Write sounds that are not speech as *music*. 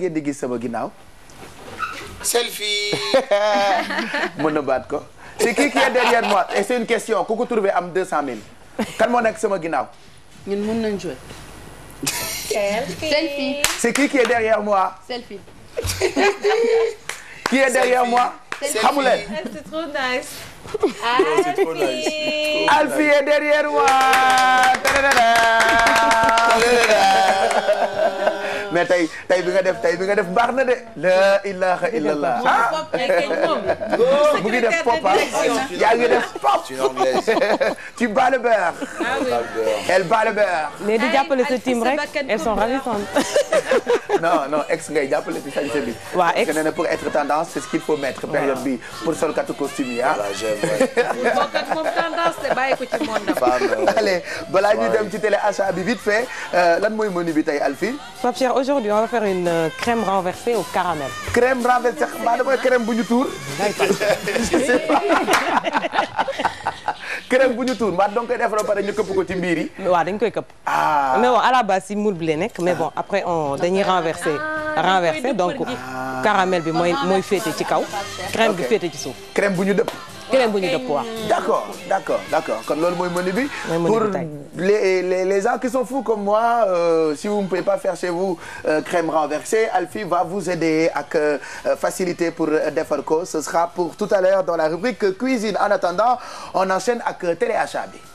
ngeen di gis sama ginnaaw. selfie. *laughs* mën na baat ko c'est qui qui est derrière moi et c'est une question ku ko trouvé am 200000 kan moo nekk sama ginnaaw. ñun mën nañ jouer. selfie. c'est qui qui est derrière moi. selfie. qui est derrière moi. xamu leen. Ah, c'est trop nice. Alfie est derrière moi. mais tey tey bi nga def tey bi nga def baax na de. la ilaha illallah ah. mu ngi def pop yaa ngi def pop. tu bats le beurre. elle bat le beurre. mais di jàppale sa team rek elles sont ravissantes. *laughs* non non ex ngay jàppale ci sañ bi. waa ex parce que pour être tendance c'est ce qu'il faut mettre période bi pour sol katu costume yi ah. balaa ñuy dem ci télé achat bi vite fait euh, lan mooy menu bi tey aujourd'hui on va faire une euh, crème renversée au caramel. crème renversée xanaa damay crème bu ñu tuur. bu ñu tuur donc koy def ba pare ñu këpp ko ci mbiir yi. dañ koy këpp. ah mais à la base si moule bi la nekk mais bon ah. après on dañuy renverser. Ah, renverser donc ah. caramel bi mooy mooy féete ci kaw. crème bi féete ci suuf. crème bu ñu dëpp. gëléem bu ñu dëpp waaw. d' accord d' accord d' accord kon loolu mooy menu bi. pour les les les gens qui sont fous comme moi euh, si vous ne pouvez pas faire chez vous euh, crème renversée Alfie va vous aider ak euh, facilité pour euh, defar ko ce sera pour tout à l'heure dans la rubrique cuisine en attendant on enchaîne ak euh, téléachat bi.